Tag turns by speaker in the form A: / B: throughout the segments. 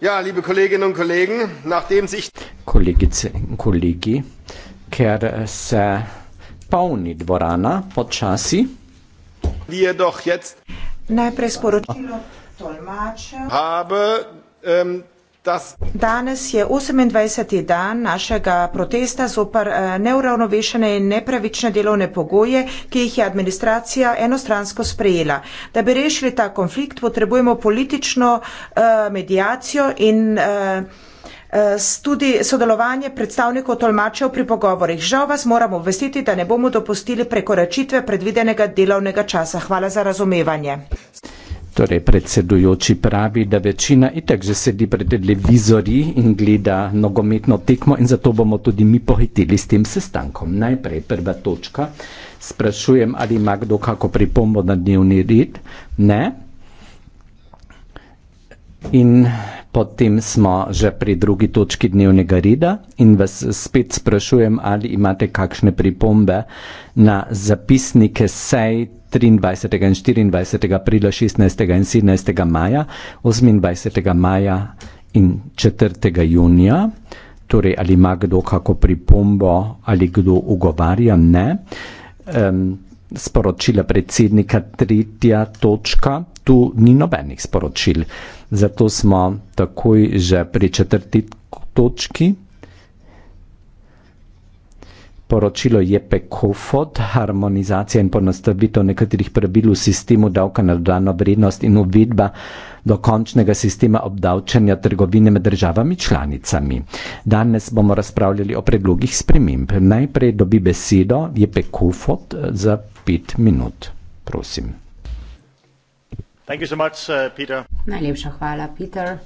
A: Ja, liebe Kolleginnen und Kollegen, nachdem sich.
B: Kollege, Kollege, ker se polni dvorana počasi.
C: Wir doch jetzt. Najprej sporočilo tolmače. Habe. Ähm, Danes je 28. dan našega protesta zopr eh, neuravnovešene in nepravične delovne pogoje, ki jih je administracija enostransko sprejela. Da bi rešili ta konflikt, potrebujemo politično uh, eh, medijacijo in. Uh, tudi sodelovanje predstavnikov tolmačev pri pogovorih. Žal vas moramo obvestiti, da ne bomo dopustili prekoračitve predvidenega delovnega časa. Hvala za razumevanje.
B: Torej, predsedujoči pravi, da večina itak že sedi pred televizori in gleda nogometno tekmo in zato bomo tudi mi pohitili s tem sestankom. Najprej prva točka. Sprašujem, ali ima kdo kako pripombo na dnevni red? Ne. In potem smo že pri drugi točki dnevnega reda in vas spet sprašujem, ali imate kakšne pripombe na zapisnike sej 23. in 24. aprila, 16. in 17. maja, 28. maja in 4. junija. Torej, ali ima kdo kako pripombo, ali kdo ugovarja, ne. Um, sporočila predsednika, tretja točka, tu ni nobenih sporočil. Zato smo takoj že pri četrti točki poročilo JPKOFOD, harmonizacija in ponastavitev nekaterih pravil v sistemu davka na dodano vrednost in uvedba dokončnega sistema obdavčanja trgovine med državami članicami. Danes bomo razpravljali o predlogih sprememb. Najprej dobi besedo JPKOFOD za pet minut. Prosim. So much, uh,
A: Najlepša hvala, Peter.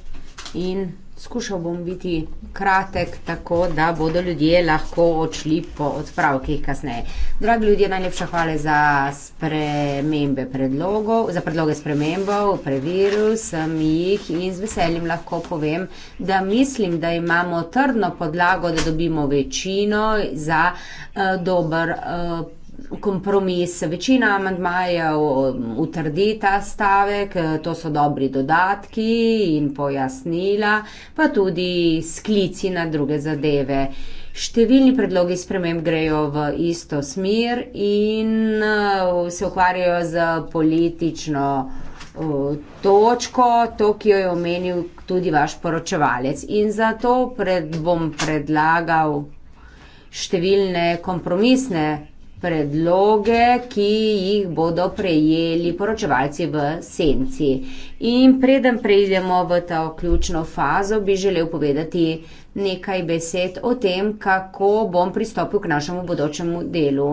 A: In Skušal bom biti kratek, tako da bodo ljudje lahko odšli po odpravkih kasneje. Dragi ljudje, najlepša hvala za spremembe predlogov, za predloge spremembov, preveril sem jih in z veseljem lahko povem, da mislim, da imamo trdno podlago, da dobimo večino za uh, dober uh, kompromis. Večina amantmajev um, utrdi ta stavek, eh, to so dobri dodatki in pojasnila, pa tudi sklici na druge zadeve. Številni predlogi sprememb grejo v isto smer in eh, se ukvarjajo z politično eh, točko, to, ki jo je omenil tudi vaš poročevalec. In zato pred, bom predlagal številne kompromisne predloge, ki jih bodo prejeli poročevalci v senci. In preden prejdemo v ta ključno fazo, bi želel povedati nekaj besed o tem, kako bom pristopil k našemu bodočemu delu.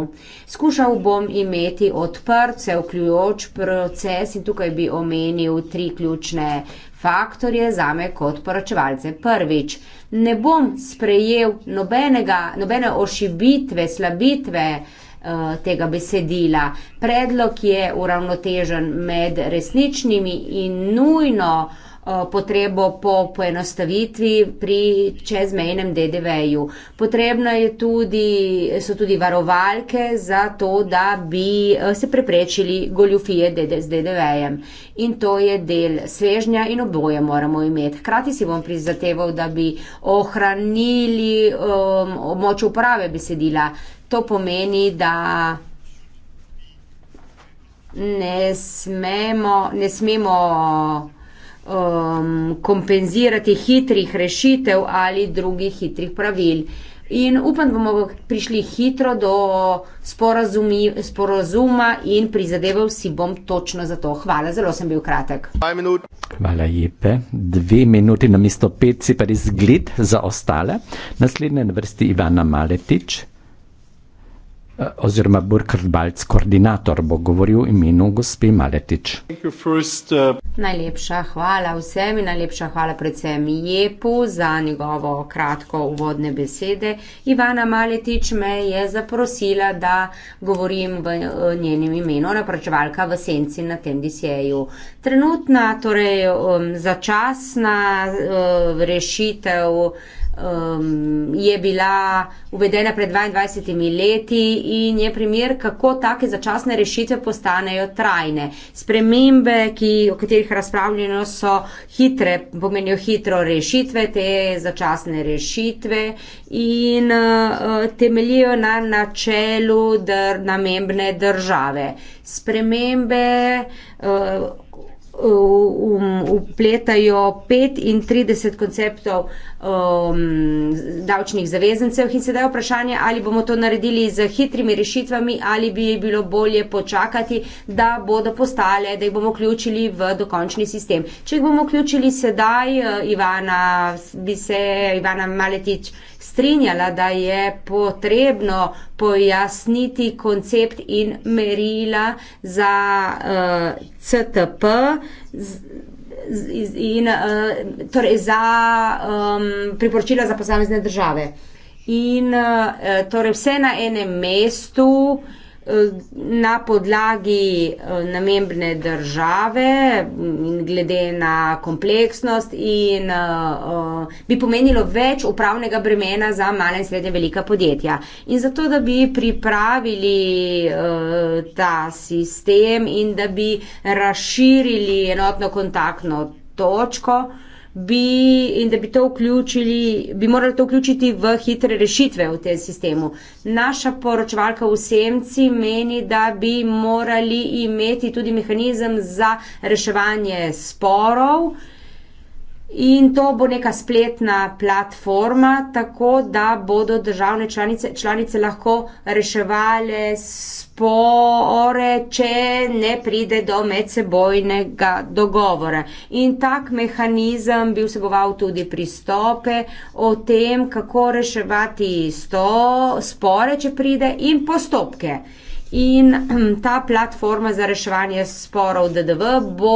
A: Skušal bom imeti odprt, vse vključ proces in tukaj bi omenil tri ključne faktorje za me kot poročevalce. Prvič, ne bom sprejel nobenega, nobene ošibitve, slabitve, Eh, tega besedila. Predlog je uravnotežen med resničnimi in nujno Eh, potrebo po poenostavitvi pri čezmejnem DDV-ju. Potrebna je tudi, so tudi varovalke za to, da bi eh, se preprečili goljufije DDS DDV-jem. In to je del svežnja in oboje moramo imeti. Hkrati si bom prizateval, da bi ohranili um, ehm, moč uporabe besedila. To pomeni, da ne smemo, ne smemo um, kompenzirati hitrih rešitev ali drugih hitrih pravil. In upam, da bomo prišli hitro do sporazuma in prizadeval si bom točno za to. Hvala, zelo sem bil kratek.
B: Hvala, Jepe. Dve minuti na mesto pet si pa res zgled za ostale. Naslednja na vrsti Ivana Maletič. Eh, oziroma Burkhard Balc, koordinator, bo govoril v imenu gospe Maletič. First, uh...
A: Najlepša hvala vsem in najlepša hvala predvsem Jepu za njegovo kratko uvodne besede. Ivana Maletič me je zaprosila, da govorim v eh, njenem imenu, napračevalka v senci na tem disjeju. Trenutna, torej um, začasna uh, rešitev, um, je bila uvedena pred 22 leti in je primer, kako take začasne rešitve postanejo trajne. Spremembe, ki, o katerih razpravljeno so hitre, pomenijo hitro rešitve, te začasne rešitve in uh, temelijo na načelu dr namembne države. Spremembe uh, Um, upletajo 35 konceptov um, davčnih zavezancev in sedaj vprašanje, ali bomo to naredili z hitrimi rešitvami ali bi bilo bolje počakati, da bodo postale, da jih bomo vključili v dokončni sistem. Če jih bomo vključili sedaj, eh, Ivana, bi se Ivana Maletič strinjala, da je potrebno pojasniti koncept in merila za uh, eh, CTP z, z, z, in uh, torej za um, priporočila za posamezne države. In uh, torej vse na enem mestu, uh, Eh, na podlagi eh, namembne države mm, in glede na kompleksnost in eh, bi pomenilo več upravnega bremena za male in srednje velika podjetja. In zato, da bi pripravili ta sistem in da bi razširili enotno kontaktno točko, bi, in da bi, to vključili, bi morali to vključiti v hitre rešitve v tem sistemu. Naša poročevalka v Semci meni, da bi morali imeti tudi mehanizem za reševanje sporov. In to bo neka spletna platforma, tako da bodo državne članice, članice lahko reševali spore, če ne pride do medsebojnega dogovora. In tak mehanizem bi vseboval tudi pristope o tem, kako reševati sto, spore, če pride, in postopke. In ehm, ta platforma za reševanje sporov DDV bo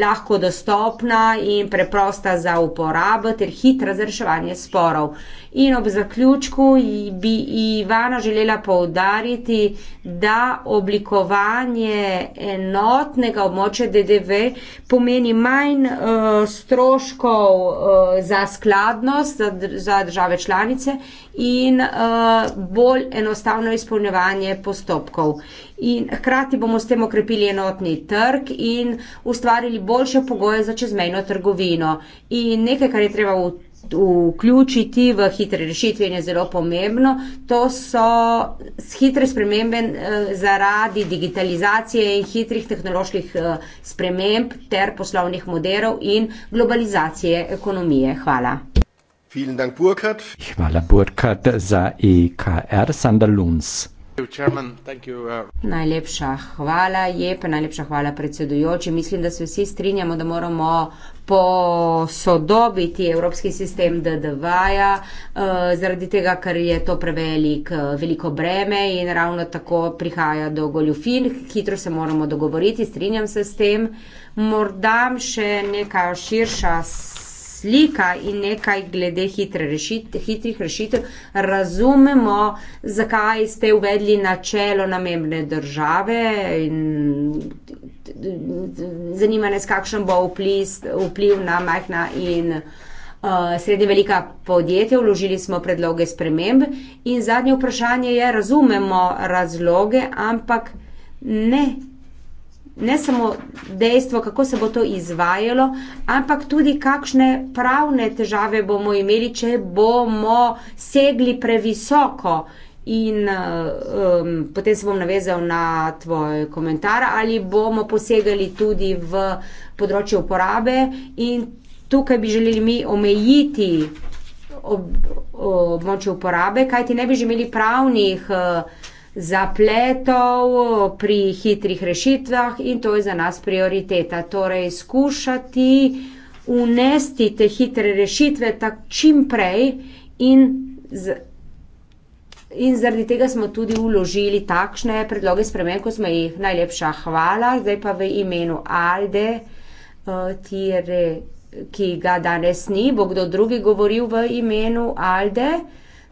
A: lahko dostopna in preprosta za uporabo ter hitra za reševanje sporov. In ob zaključku bi Ivana želela povdariti, da oblikovanje enotnega območja DDV pomeni manj eh, stroškov eh, za skladnost za države članice in eh, bolj enostavno izpolnjevanje postopkov. In hkrati bomo s tem okrepili enotni trg in ustvarili boljše pogoje za čezmejno trgovino. In nekaj, kar je treba v vključiti v hitre rešitve in je zelo pomembno. To so hitre spremembe eh, zaradi digitalizacije in hitrih tehnoloških eh, sprememb ter poslovnih modelov in globalizacije ekonomije. Hvala.
B: Hvala, Burkhard, za IKR e Sandaluns.
C: Uh,
A: najlepša hvala, Jep, najlepša hvala predsedujoči. Mislim, da se vsi strinjamo, da moramo posodobiti evropski sistem DDV-ja, eh, zaradi tega, ker je to prevelik, eh, veliko breme in ravno tako prihaja do goljufin, hitro se moramo dogovoriti, strinjam se s tem. Morda še neka širša slika in nekaj glede rešit hitrih rešitev, razumemo, zakaj ste uvedli načelo namembne države in zanimanje, kakšen bo vpliz, vpliv na majhna in uh, srednje velika podjetja. Vložili smo predloge sprememb in zadnje vprašanje je, razumemo razloge, ampak ne ne samo dejstvo, kako se bo to izvajalo, ampak tudi kakšne pravne težave bomo imeli, če bomo segli previsoko. In um, potem se bom navezal na tvoj komentar, ali bomo posegali tudi v področje uporabe, in tukaj bi želeli mi omejiti ob, ob, območje uporabe, kajti ne bi že imeli pravnih. Uh, zapletov, eh, pri hitrih rešitvah in to je za nas prioriteta. Torej, skušati unesti te hitre rešitve tak čim prej in, z, in zaradi tega smo tudi uložili takšne predloge spremen, ko smo jih najlepša hvala. Zdaj pa v imenu Alde, uh, tire, ki ga danes ni, bo kdo drugi govoril v imenu Alde.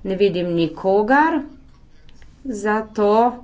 A: Ne vidim nikogar za to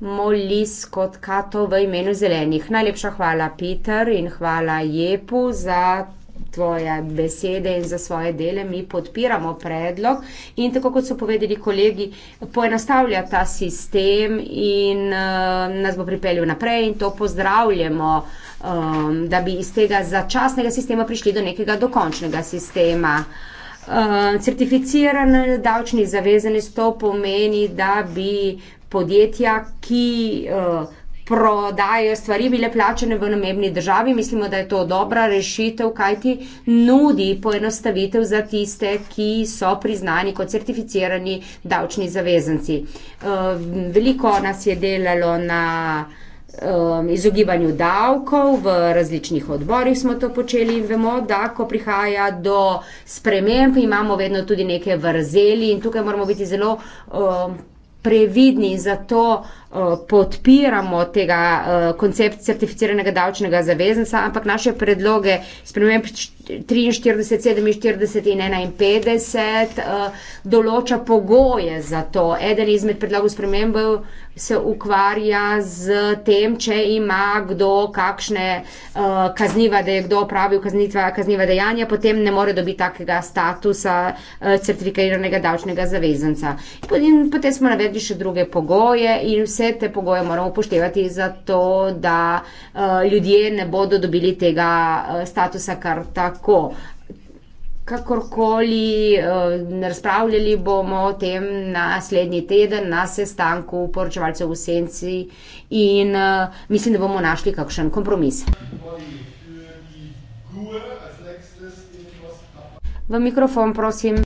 A: molis kot kato v imenu zelenih. Najlepša hvala, Peter, in hvala Jepu za tvoje besede in za svoje dele. Mi podpiramo predlog in tako kot so povedali kolegi, poenostavlja ta sistem in uh, nas bo pripeljal naprej in to pozdravljamo, um, da bi iz tega začasnega sistema prišli do nekega dokončnega sistema. Uh, Eh, certificiran davčni zavezanec, to pomeni, da bi podjetja, ki uh, prodajajo stvari, bile plačene v namebni državi. Mislimo, da je to dobra rešitev, kajti nudi poenostavitev za tiste, ki so priznani kot certificirani davčni zavezanci. Uh, veliko nas je delalo na uh, um, izogibanju davkov, v različnih odborih smo to počeli in vemo, da ko prihaja do sprememb, imamo vedno tudi neke vrzeli in tukaj moramo biti zelo um, previdni in zato uh, Eh, podpiramo tega eh, koncept certificiranega davčnega zaveznica, ampak naše predloge spremem 43, 47 in 51 eh, določa pogoje za to. Eden izmed predlogov spremembe se ukvarja z tem, če ima kdo kakšne kazniva, da je kdo opravil kazniva dejanja, potem ne more dobiti takega statusa certifikiranega davčnega zaveznica. Potem smo navedli še druge pogoje in vse vse te pogoje moramo upoštevati za to, da eh, ljudje ne bodo dobili tega eh, statusa kar tako. Kakorkoli eh, razpravljali bomo o tem naslednji teden na sestanku poročevalcev v senci in mislim, da bomo našli kakšen kompromis. V mikrofon, prosim.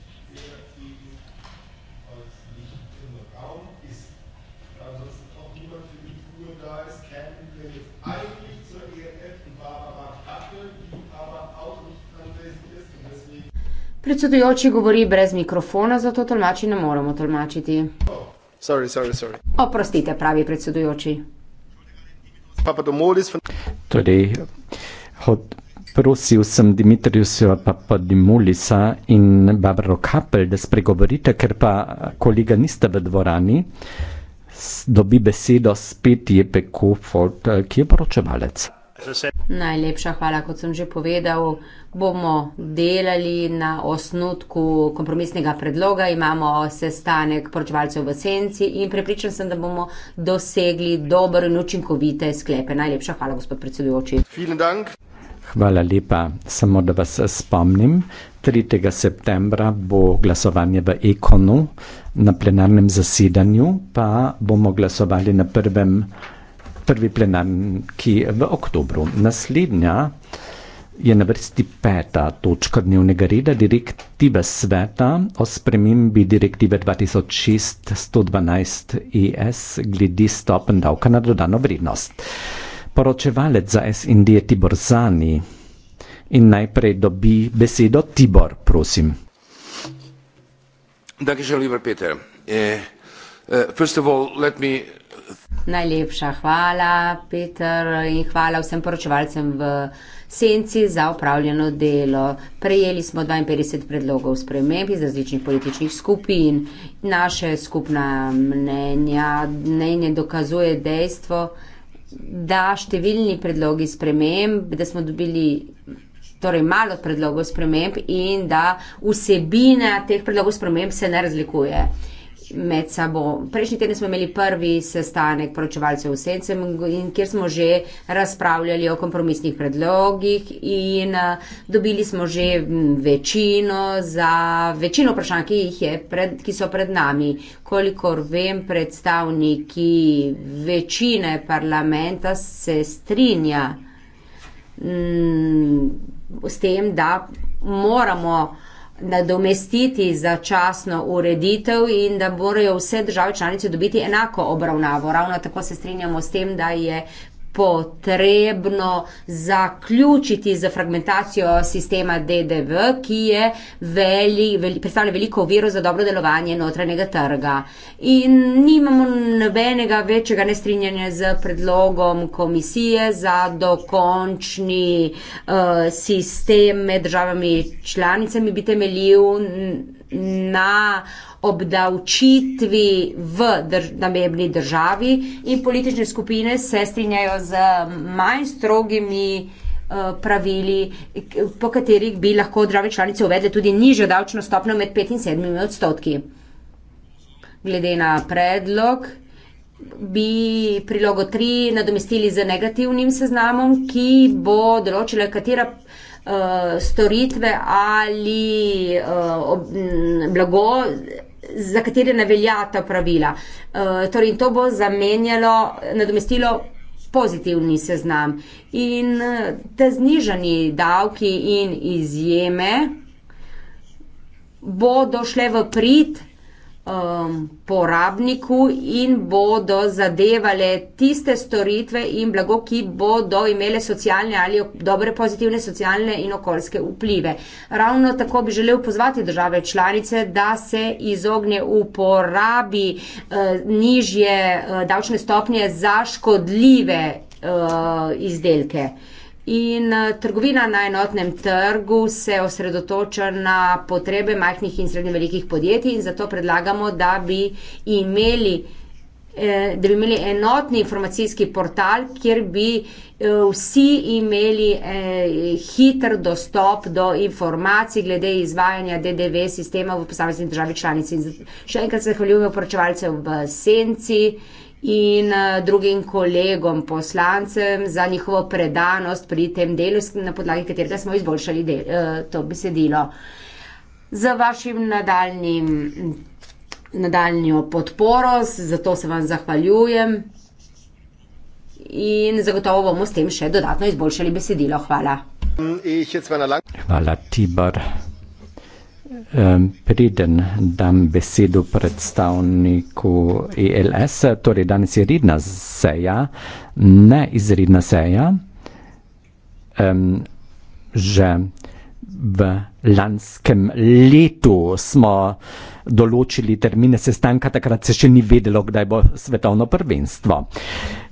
A: predsedujoči govori brez mikrofona, zato tolmači ne moremo tolmačiti.
C: Sorry, sorry, sorry.
A: Oprostite, pravi predsedujoči.
C: Papadomolis.
B: Torej, hod, prosil sem Dimitrijusa Papadimulisa in Barbaro Kapel, da spregovorite, ker pa kolega niste v dvorani, dobi besedo spet je pekofort, eh, ki je poročevalec.
A: Najlepša hvala, kot sem že povedal. Bomo delali na osnutku kompromisnega predloga, imamo sestanek poročevalcev v senci in prepričan sem, da bomo dosegli dobro in učinkovite sklepe. Najlepša hvala, gospod predsedujoči.
B: Hvala lepa. Samo da vas spomnim, 3. septembra bo glasovanje v Ekonu na plenarnem zasedanju, pa bomo glasovali na prvem prvi plenarki v oktobru. Naslednja je na vrsti peta točka dnevnega reda direktive sveta o spremembi direktive 2006-112-ES e glede stopen davka na dodano vrednost. Poročevalec za SND je Tibor Zani in najprej dobi besedo Tibor, prosim.
C: Dakle, želim, Peter. Eh, eh, first of all, let me
A: Najlepša hvala, Peter, in hvala vsem poročevalcem v senci za upravljeno delo. Prejeli smo 52 predlogov sprememb iz različnih političnih skupin. Naše skupna mnenja, mnenje dokazuje dejstvo, da številni predlogi sprememb, da smo dobili. Torej, malo predlogov sprememb in da vsebina teh predlogov sprememb se ne razlikuje. Uh, med sabo. Prejšnji teden smo imeli prvi sestanek poročevalcev v Sencem, kjer smo že razpravljali o kompromisnih predlogih in eh, dobili smo že večino za večino vprašanj, ki, pred, ki so pred nami. Kolikor vem, predstavniki večine parlamenta se strinja mm, s tem, da moramo nadomestiti začasno ureditev in da morajo vse države članice dobiti enako obravnavo. Ravno tako se strinjamo s tem, da je potrebno zaključiti z fragmentacijo sistema DDV, ki je veli, veli, predstavlja veliko oviro za dobro delovanje notranjega trga. In nimamo nobenega večjega nestrinjanja z predlogom komisije za dokončni uh, sistem med državami članicami, bi temeljil na obdavčitvi v drž namembni državi in politične skupine se strinjajo z manj strogimi eh, pravili, po katerih bi lahko države članice uvedle tudi nižjo davčno stopnjo med 5 in 7 odstotki. Glede na predlog bi prilogo 3 nadomestili z negativnim seznamom, ki bo določila, katera uh, storitve ali uh, ob, m, blago za katere ne velja ta pravila. Uh, torej, in to bo zamenjalo, nadomestilo pozitivni seznam. In uh, te znižani davki in izjeme bodo šle v prid um, porabniku in bodo zadevale tiste storitve in blago, ki bodo imele socialne ali dobre pozitivne socialne in okoljske vplive. Ravno tako bi želel pozvati države članice, da se izogne uporabi uh, nižje uh, davčne stopnje za škodljive uh, izdelke. In eh, trgovina na enotnem trgu se osredotoča na potrebe majhnih in srednje velikih podjetij in zato predlagamo, da bi imeli eh, da bi imeli enotni informacijski portal, kjer bi eh, vsi imeli hiter dostop do informacij glede izvajanja DDV sistema v posamezni državi članici. Še enkrat se hvaljujem upračevalcev v Senci in eh, drugim kolegom, poslancem za njihovo predanost pri tem delu, na podlagi katerega smo izboljšali del, eh, to besedilo. Z vašim nadaljnim, nadaljnjo podporo, zato se vam zahvaljujem in zagotovo bomo s tem še dodatno izboljšali besedilo. Hvala.
B: Hvala, Tibor. Preden dam besedo predstavniku ELS, torej danes je redna seja, ne izredna seja, že v lanskem letu smo določili termine sestanka, takrat se še ni vedelo, kdaj bo svetovno prvenstvo.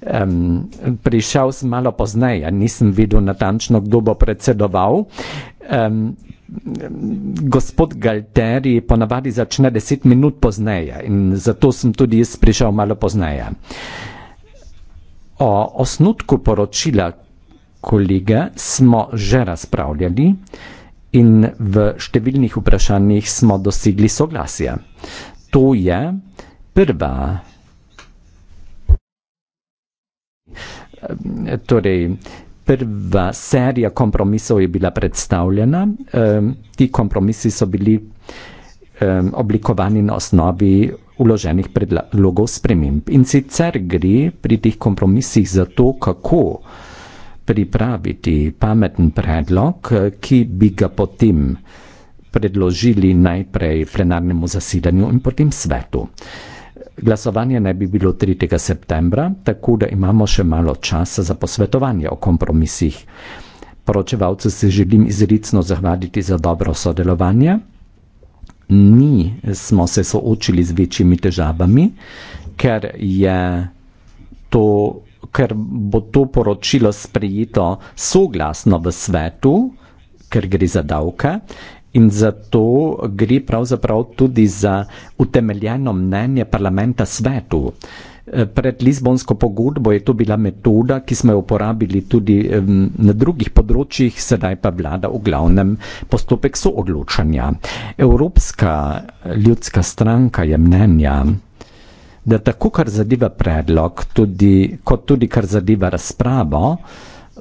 B: Um, prišel sem malo pozneje, nisem videl natančno, kdo bo predsedoval. Um, gospod Galteri ponavadi začne deset minut pozneje in zato sem tudi jaz prišel malo pozneje. O osnutku poročila kolega smo že razpravljali in v številnih vprašanjih smo dosegli soglasje. To je prva. Torej, prva serija kompromisov je bila predstavljena. Uh, ti kompromisi so bili oblikovani na osnovi uloženih predlogov sprememb. In sicer gre pri teh kompromisih za to, kako pripraviti pameten predlog, ki bi ga potem predložili najprej plenarnemu zasedanju in potem svetu. Uh, Glasovanje naj bi bilo 3. septembra, tako da imamo še malo časa za posvetovanje o kompromisih. Poročevalcu se želim izrecno zahvaliti za dobro sodelovanje. Mi smo se soočili z večjimi težavami, ker, to, ker bo to poročilo sprejeto soglasno v svetu, ker gre za davke In zato gre pravzaprav tudi za utemeljeno mnenje parlamenta svetu. Eh, pred Lizbonsko pogodbo je to bila metoda, ki smo jo uporabili tudi na drugih področjih, sedaj pa vlada v glavnem postopek soodločanja. Evropska eh, ljudska stranka je mnenja, da tako kar zadeva predlog, tudi, kot tudi kar zadeva razpravo,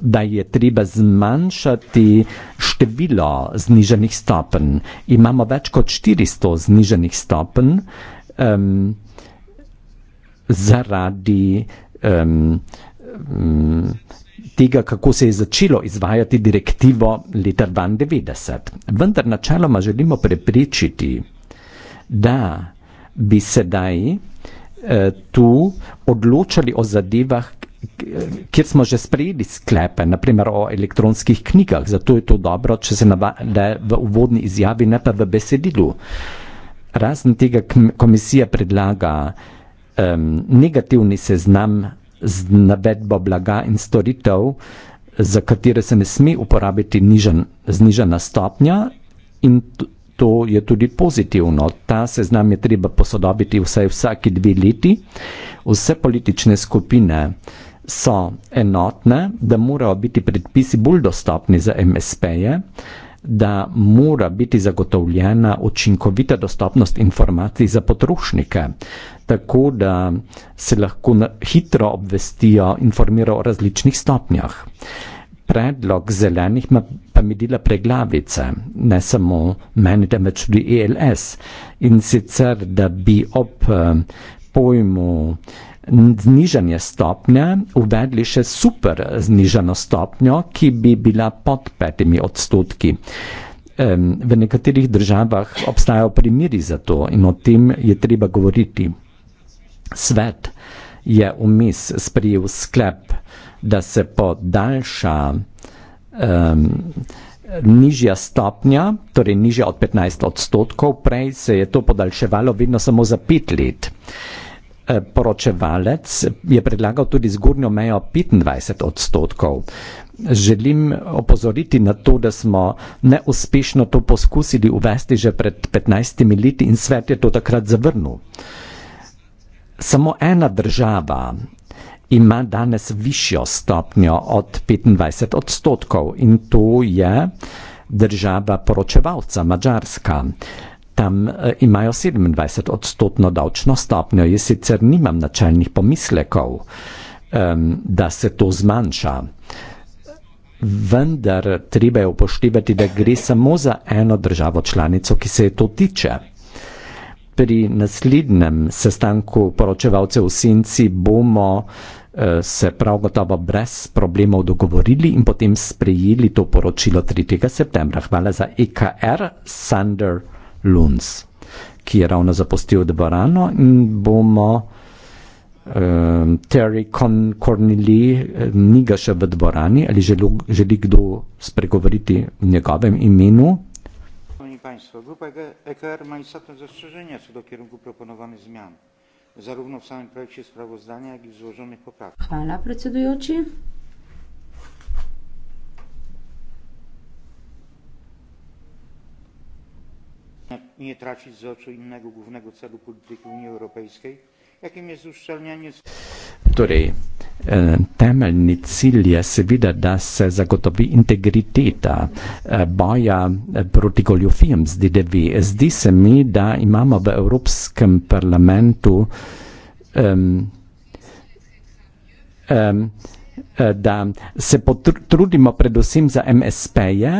B: da je treba zmanjšati število zniženih stopen. Imamo več kot 400 zniženih stopen um, zaradi um, tega, kako se je začelo izvajati direktivo leta 1992. Vendar načeloma želimo preprečiti, da bi sedaj eh, tu odločali o zadevah, kjer smo že sprejeli sklepe, naprimer o elektronskih knjigah. Zato je to dobro, če se navade v uvodni izjavi, ne pa v besedilu. Razen tega komisija predlaga um, negativni seznam z navedbo blaga in storitev, za katere se ne sme uporabiti nižen, znižena stopnja in to je tudi pozitivno. Ta seznam je treba posodobiti vsaj vsaki dve leti. Vse politične skupine so enotne, da morajo biti predpisi bolj dostopni za MSP-je, da mora biti zagotovljena učinkovita dostopnost informacij za potrošnike, tako da se lahko hitro obvestijo, informirajo o različnih stopnjah predlog zelenih pa mi dela preglavice, ne samo meni, temveč tudi ELS. In sicer, da bi ob eh, pojmu znižanje stopnje uvedli še super znižano stopnjo, ki bi bila pod petimi odstotki. V nekaterih državah obstajajo primiri za to in o tem je treba govoriti. Svet je vmes sprejel sklep, da se podaljša um, nižja stopnja, torej nižja od 15 odstotkov, prej se je to podaljševalo vedno samo za pet let. E, poročevalec je predlagal tudi zgornjo mejo 25 odstotkov. Želim opozoriti na to, da smo neuspešno to poskusili uvesti že pred 15 leti in svet je to takrat zavrnil. Samo ena država ima danes višjo stopnjo od 25 odstotkov in to je država poročevalca Mačarska. Tam eh, imajo 27 odstotno davčno stopnjo, jaz sicer nimam načelnih pomislekov, um, da se to zmanjša. Vendar treba je upoštevati, da gre samo za eno državo članico, ki se je to tiče. Pri naslednjem sestanku poročevalcev v Sinci bomo uh, Eh, se prav gotovo brez problemov dogovorili in potem sprejeli to poročilo 3. septembra. Hvala za EKR Sander Luns, ki je ravno zapustil dvorano in bomo um, Terry Cornelly, eh, ni ga še v dvorani, ali želi, želi kdo spregovoriti v njegovem imenu. Państwo, grupa EKR ma istotne zastrzeżenia co do kierunku proponowanych zmian zarówno w samym projekcie sprawozdania, jak i w złożonych poprawkach.
A: Hvala, predsedujoči.
B: Nie tracić z oczu innego głównego celu polityki Unii Europejskiej, jakim je zuščanje. Torej, e, temeljni cilj je seveda, da se zagotovi integriteta e, boja e, proti goljofijem z DDV. Zdi se mi, da imamo v Evropskem parlamentu um, um, Eh, da se potrudimo predvsem za MSP-je,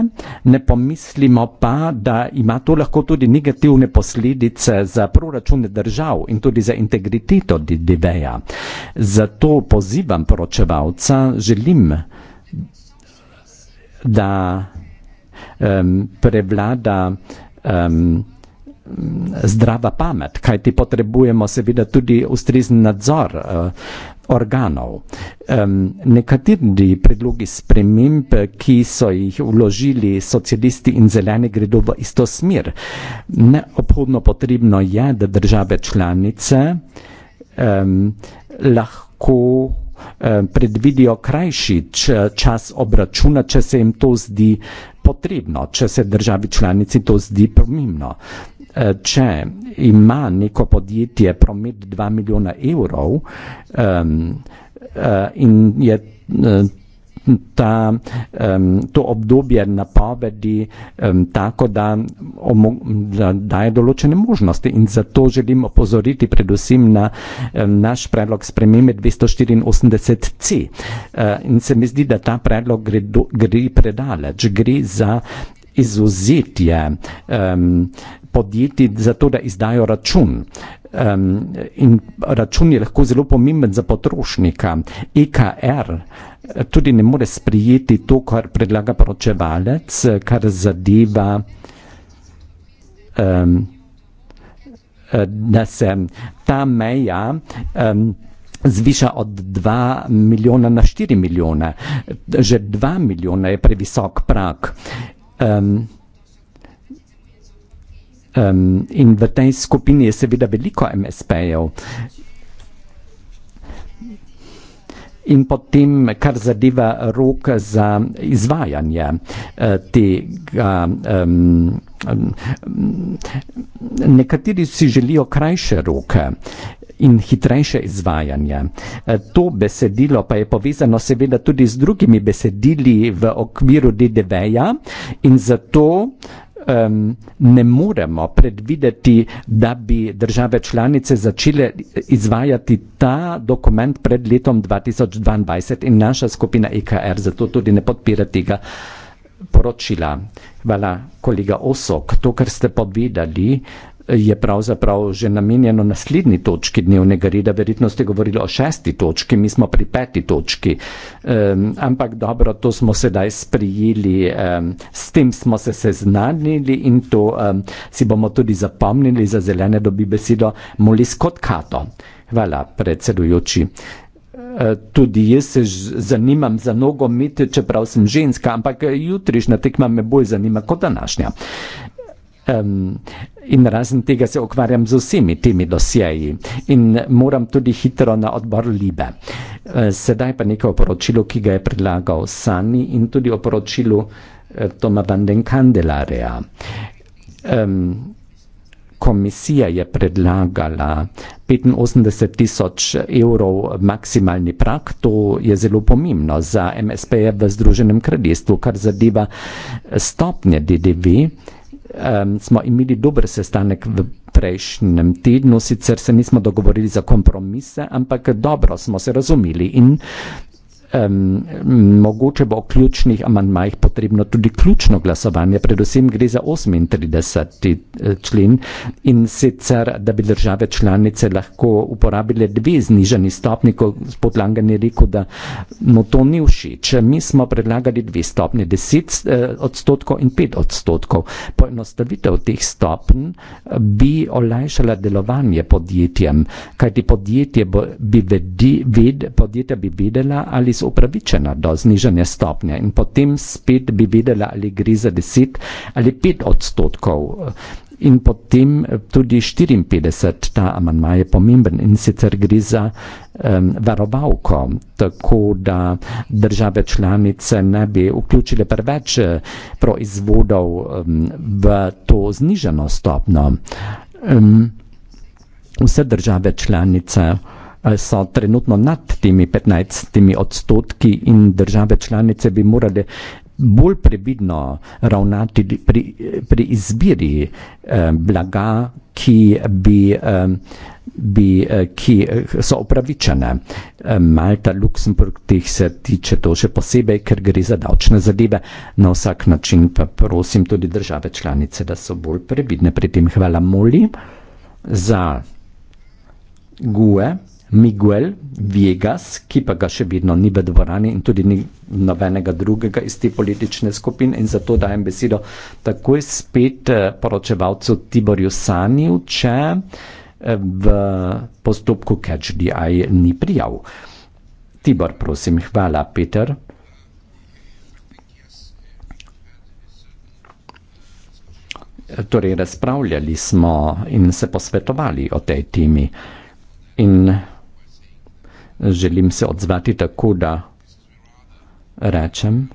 B: ne pomislimo pa, da ima to lahko tudi negativne posledice za proračune držav in tudi za integriteto DDV-ja. Zato pozivam poročevalca, želim, da um, prevlada um, zdrava pamet, kaj ti potrebujemo seveda tudi ustrezen nadzor uh, organov. Um, nekateri predlogi sprememb, ki so jih vložili socialisti in zeleni, gredo v isto smer. Neobhodno potrebno je, da države članice um, lahko Eh, predvidijo krajši čas obračuna, če se jim to zdi potrebno, če se državi članici to zdi pomembno. Eh, če ima neko podjetje promet 2 milijona evrov eh, in je ta, um, to obdobje napovedi um, tako, da, da daje določene možnosti in zato želim opozoriti predvsem na um, naš predlog spremembe 284c. Uh, e, in se mi zdi, da ta predlog gre, do, gre predaleč, gre za izuzetje. Um, podjetij za to, da izdajo račun. Um, in račun je lahko zelo pomemben za potrošnika. EKR er, eh, tudi ne more sprijeti to, kar predlaga poročevalec, eh, kar zadeva, um, da se ta meja um, zviša od 2 milijona na 4 milijona. Že 2 milijona je previsok prak. Um, um, in v tej skupini je seveda veliko MSP-jev. In potem, kar zadeva rok za izvajanje eh, tega. Um, nekateri si želijo krajše roke in hitrejše izvajanje. Eh, to besedilo pa je povezano seveda tudi z drugimi besedili v okviru DDV-ja in zato um, ne moremo predvideti, da bi države članice začele izvajati ta dokument pred letom 2022 in naša skupina IKR e zato tudi ne podpira tega poročila. Hvala, kolega Osok. To, kar ste povedali, uh, je pravzaprav že namenjeno naslednji točki dnevnega reda. Verjetno ste govorili o šesti točki, mi smo pri peti točki. Um, ampak dobro, to smo sedaj sprijeli, um, s tem smo se seznanili in to um, si bomo tudi zapomnili za zelene dobi besedo Molis Kotkato. Hvala, predsedujoči. E, tudi jaz se zanimam za nogomet, čeprav sem ženska, ampak jutrišnja tekma me bolj zanima kot današnja. Um, in razen tega se ukvarjam z vsemi temi dosjeji in moram tudi hitro na odbor Libe. Uh, sedaj pa nekaj o poročilu, ki ga je predlagal Sani in tudi o poročilu uh, Toma Vanden Kandelareja. Um, komisija je predlagala 85 tisoč evrov maksimalni prak, to je zelo pomembno za MSP v Združenem kraljestvu, kar zadeva stopnje DDV. -e um, smo imeli dober sestanek v prejšnjem tednu, sicer se nismo dogovorili za kompromise, ampak dobro smo se razumeli in mogoče bo o ključnih amantmajih potrebno tudi ključno glasovanje, predvsem gre za 38. Eh, člen in sicer, da bi države članice lahko uporabile dve znižani stopni, ko gospod Langan je rekel, da mu to ni všeč. Mi smo predlagali dve stopni, 10 eh, odstotkov in 5 odstotkov. Poenostavitev teh stopn eh, bi olajšala delovanje podjetjem, kajti podjetje bi, vedi, ved, podjetje bi vedela, ali res upravičena do znižanja stopnje in potem spet bi vedela, ali gre za 10 ali 5 odstotkov. In potem eh, tudi 54, ta amantma je pomemben in sicer gre za um, varovalko, tako da države članice ne bi vključile preveč eh, proizvodov um, v to znižano stopno. Um, vse države članice. Eh, so trenutno nad temi 15 odstotki in države članice bi morale bolj previdno ravnati pri, pri izbiri eh, blaga, ki, bi, eh, bi, eh, ki eh, so upravičene. Eh, Malta, Luksemburg, teh se tiče to še posebej, ker gre za davčne zadeve. Na vsak način pa prosim tudi države članice, da so bolj previdne pri tem. Hvala Moli za GUE. Miguel Viegas, ki pa ga še vedno ni v dvorani in tudi ni nobenega drugega iz te politične skupine. In zato dajem besedo takoj spet eh, poročevalcu Tiborju Sanju, če eh, v postopku Catch the Eye ni prijav. Tibor, prosim, hvala, Peter. Torej, razpravljali smo in se posvetovali o tej temi. In želim se odzvati tako, da rečem,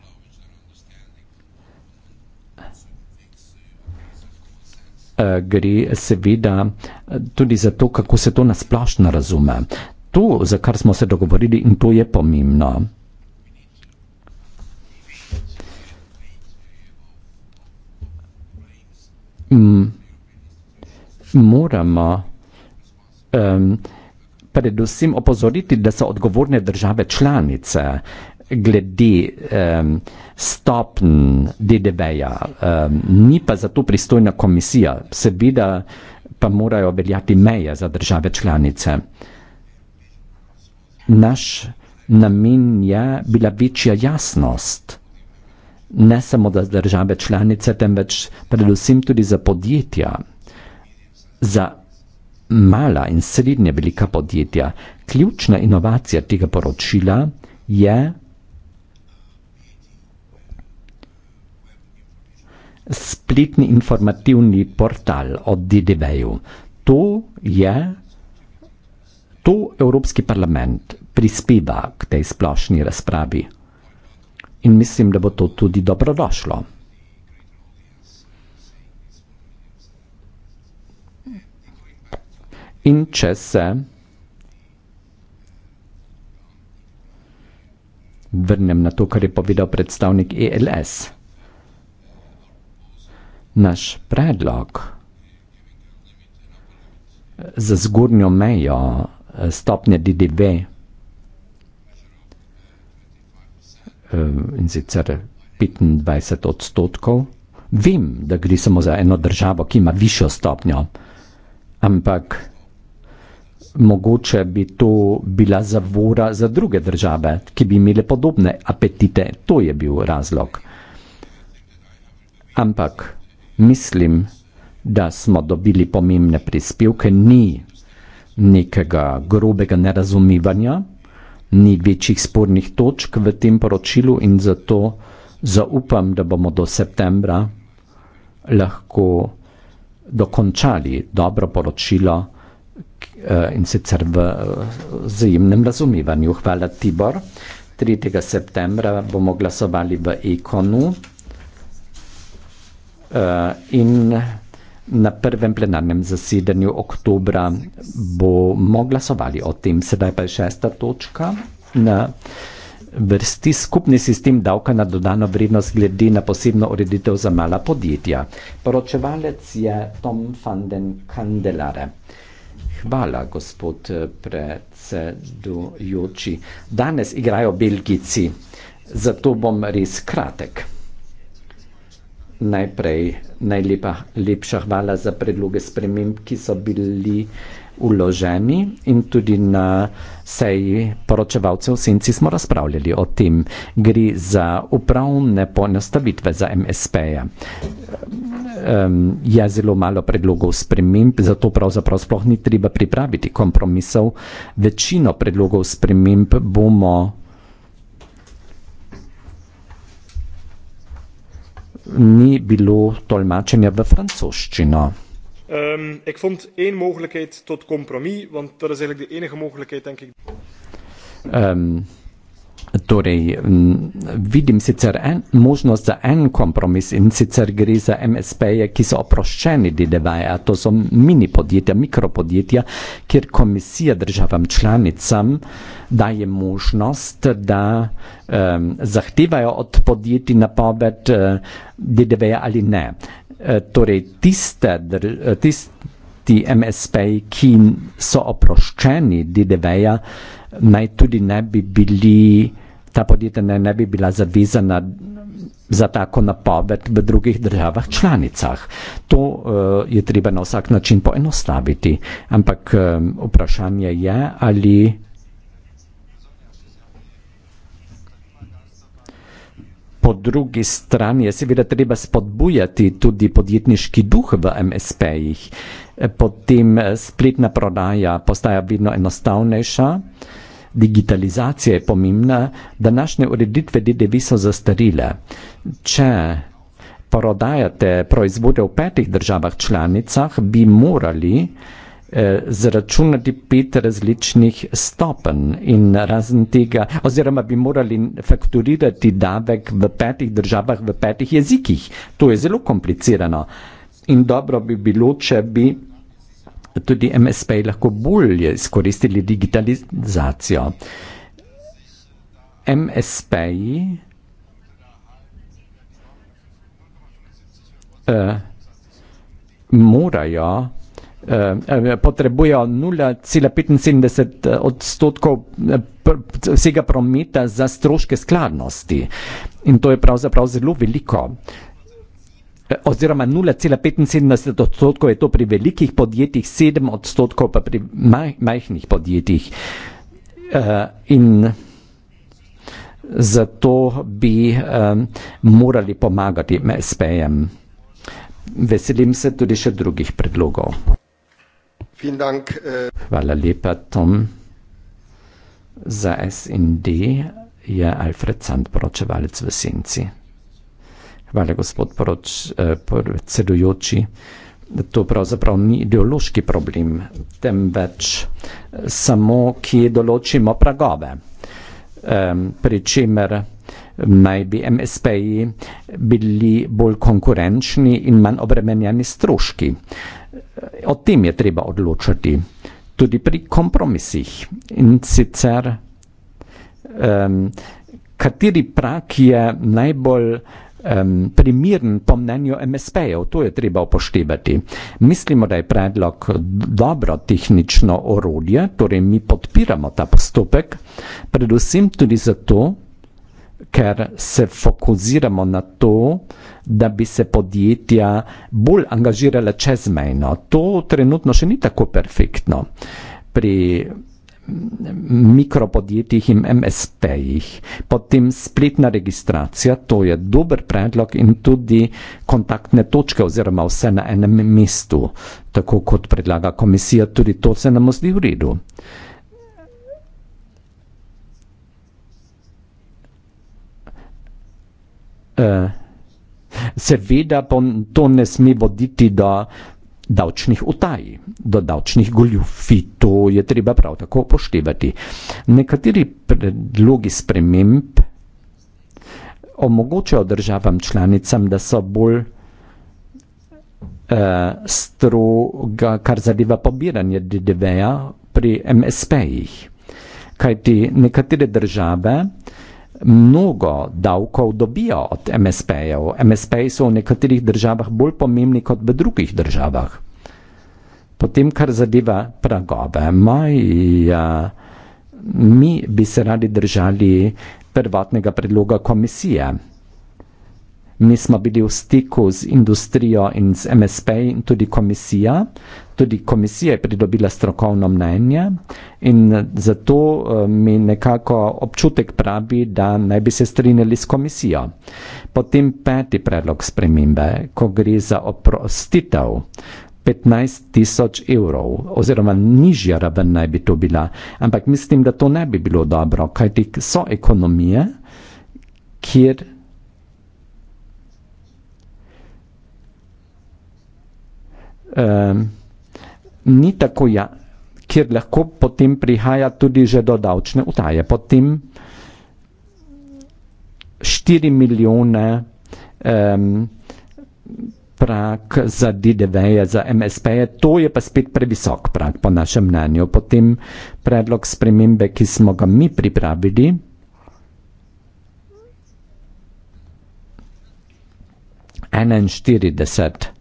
B: eh, gre seveda tudi za to, kako se to nasplošno razume. To, za kar smo se dogovorili in to je pomembno. Moramo um, predvsem opozoriti, da so odgovorne države članice glede um, stopn DDV-ja, um, ni pa zato pristojna komisija, seveda pa morajo veljati meje za države članice. Naš namen je bila večja jasnost. Ne samo za države članice, temveč predvsem tudi za podjetja, za mala in srednje velika podjetja. Ključna inovacija tega poročila je spletni informativni portal od DDV-ju. To je to Evropski parlament prispeva k tej splošni razpravi. In mislim, da bo to tudi dobrodošlo. In če se vrnem na to, kar je povedal predstavnik ELS, naš predlog za zgornjo mejo eh, stopnje DDV eh, in sicer 25 odstotkov, vem, da gre samo za eno državo, ki ima višjo stopnjo, ampak vsega, mogoče bi to bila zavora za druge države, ki bi imele podobne apetite. To je bil razlog. Ampak mislim, da smo dobili pomembne prispevke, ni nekega grobega nerazumivanja, ni večjih spornih točk v tem poročilu in zato zaupam, da bomo do septembra lahko dokončali dobro poročilo. Eh, in sicer v eh, vzajemnem razumevanju. Hvala Tibor. 3. septembra bomo glasovali v Ekonu eh, in na prvem plenarnem zasedanju oktobra bomo glasovali o tem. Sedaj pa je šesta točka na vrsti skupni sistem davka na dodano vrednost glede na posebno ureditev za mala podjetja. Poročevalec je Tom van den Kandelare. Hvala, gospod eh, predsedujoči. Danes igrajo Belgici, zato bom res kratek. Najprej najlepa, lepša hvala za predloge sprememb, ki so bili vloženi in tudi na seji poročevalcev senci smo razpravljali o tem. Gre za upravne ponastavitve za MSP-ja. Um, je ja, zelo malo predlogov sprememb, zato pravzaprav sploh ni treba pripraviti kompromisov. Večino predlogov sprememb bomo. Ni bilo tolmačenja v francoščino.
C: Um, ik vond één mogelijkheid tot compromis, want dat is eigenlijk de enige mogelijkheid, denk ik.
B: Um. Torej, vidim sicer en, možnost za en kompromis in sicer gre za MSP-je, ki so oproščeni DDV-ja, to so mini podjetja, mikropodjetja, kjer komisija državam članicam daje možnost, da um, zahtevajo od podjetij napoved uh, eh, DDV-ja ali ne. Eh, torej tiste, eh, tisti MSP, ki so oproščeni DDV-ja, naj tudi ne bi bili, ta podjetja ne, ne bi bila zavezana za tako napoved v drugih državah članicah. To uh, je treba na vsak način poenostaviti. Ampak um, vprašanje je, ali. po drugi strani je seveda treba spodbujati tudi podjetniški duh v MSP-jih. Potem eh, spletna prodaja postaja vedno enostavnejša, digitalizacija je pomembna, današnje ureditve DDV so zastarile. Če prodajate proizvode v petih državah članicah, bi morali Eh, zračunati pet različnih stopenj in razen tega, oziroma bi morali fakturirati davek v petih državah, v petih jezikih. To je zelo komplicirano in dobro bi bilo, če bi tudi MSP lahko bolje izkoristili digitalizacijo. MSP uh, eh, morajo Eh, eh, potrebujejo 0,75 eh, odstotkov vsega prometa za stroške skladnosti. In to je pravzaprav zelo veliko. Oziroma 0,75 odstotkov je to pri velikih podjetjih, 7 odstotkov pa pri maj, majhnih podjetjih. Uh, in zato bi um, morali pomagati MSP-jem. Veselim se tudi še drugih predlogov. Vielen Dank. Äh Hvala lepa, Tom. Za SND je Alfred Sand, poročevalec v Senci. Hvala, gospod poroč, eh, predsedujoči. To pravzaprav ni ideološki problem, temveč eh, samo, kje določimo pragove. Eh, Pričemer naj bi MSP-ji bili bolj konkurenčni in manj obremenjeni stroški. Eh, o tem je treba odločiti, tudi pri kompromisih. In sicer, um, kateri prak je najbolj um, primiren po mnenju MSP-jev, to je treba upoštevati. Mislimo, da je predlog dobro tehnično orodje, torej mi podpiramo ta postopek, predvsem tudi zato, ker se fokusiramo na to, da bi se podjetja bolj angažirala čezmejno. To trenutno še ni tako perfektno pri mikropodjetjih in MSP-jih. Potem spletna registracija, to je dober predlog in tudi kontaktne točke oziroma vse na enem mestu, tako kot predlaga komisija, tudi to se nam zdi v redu. Uh, Eh, seveda pa to ne sme voditi do davčnih utaj, do davčnih goljufi, to je treba prav tako upoštevati. Nekateri predlogi sprememb omogočajo državam članicam, da so bolj eh, stroga, kar zadeva pobiranje DDV-ja pri MSP-jih. Kajti nekatere države eh, mnogo davkov dobijo od MSP-jev. MSP-ji so v nekaterih državah bolj pomembni kot v drugih državah. Potem, kar zadeva pragove, moj, uh, mi bi se radi držali prvotnega predloga komisije. Mi smo bili v stiku z industrijo in z MSP in tudi komisija, tudi komisija je pridobila strokovno mnenje in zato eh, mi nekako občutek pravi, da naj bi se strinjali s komisijo. Potem peti predlog spremembe, ko gre za oprostitev. 15 tisoč evrov oziroma nižja raven naj bi to bila, ampak mislim, da to ne bi bilo dobro, kajti so ekonomije, kjer um, ni tako ja, kjer lahko potem prihaja tudi že do davčne utaje. Potem 4 milijone um, prak za DDV-je, za MSP-je, to je pa spet previsok prak, po našem mnenju. Potem predlog spremembe, ki smo ga mi pripravili. Enajstirideset.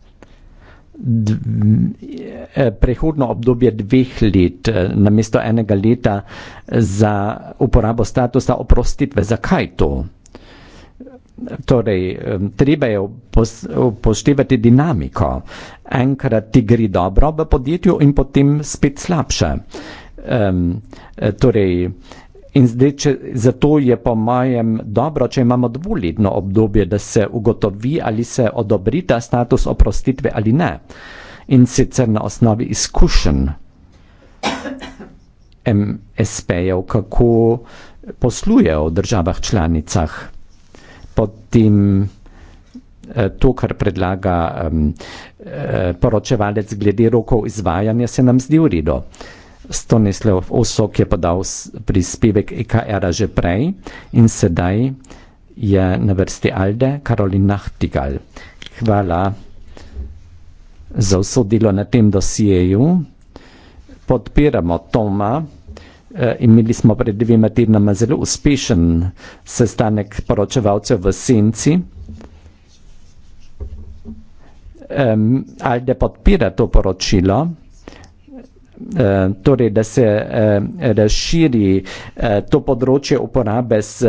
B: Eh, prehodno obdobje dveh let eh, namesto enega leta za uporabo statusa oprostitve. Zakaj to? Torej, treba je upoštevati dinamiko. Enkrat ti gre dobro v podjetju in potem spet slabše. Um, torej, In zdaj, če, zato je po mojem dobro, če imamo dvoletno obdobje, da se ugotovi, ali se odobri ta status oprostitve ali ne. In sicer na osnovi izkušenj MSP-jev, kako poslujejo v državah članicah. Potem eh, to, kar predlaga um, poročevalec glede rokov izvajanja, se nam zdi v redu. Stanislav Osok je podal prispevek EKR-a že prej in sedaj je na vrsti Alde Karolin Nachtigal. Hvala za vso delo na tem dosjeju. Podpiramo Toma. Eh, imeli smo pred dvema tednama zelo uspešen sestanek poročevalcev v Senci. Um, Alde podpira to poročilo. Eh, torej, da se eh, razširi eh, to področje uporabe s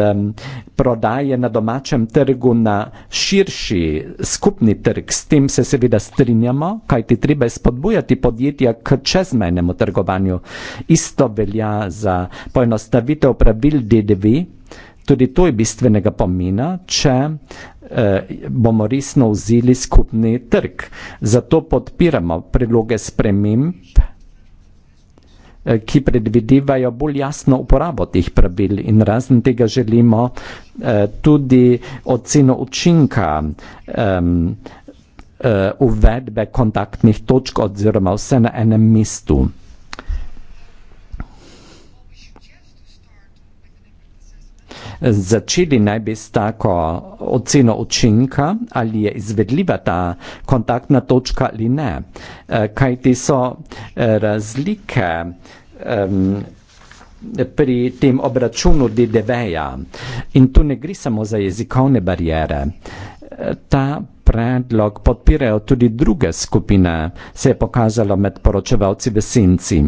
B: prodaje na domačem trgu na širši skupni trg. S tem se seveda strinjamo, kaj ti treba spodbujati podjetja k čezmejnemu trgovanju. Isto velja za poenostavitev pravil DDV. Tudi to je bistvenega pomena, če eh, bomo resno vzeli skupni trg. Zato podpiramo predloge sprememb. Eh, ki predvidevajo bolj jasno uporabo teh pravil in razen tega želimo eh, tudi oceno učinka eh, uvedbe kontaktnih točk oziroma vse na enem mestu. začeli naj bi s tako oceno učinka, ali je izvedljiva ta kontaktna točka ali ne. E, Kaj ti so e, razlike um, pri tem obračunu DDV-ja? In tu ne gre samo za jezikovne barijere. E, ta predlog podpirajo tudi druge skupine, se je pokazalo med poročevalci v Sinci.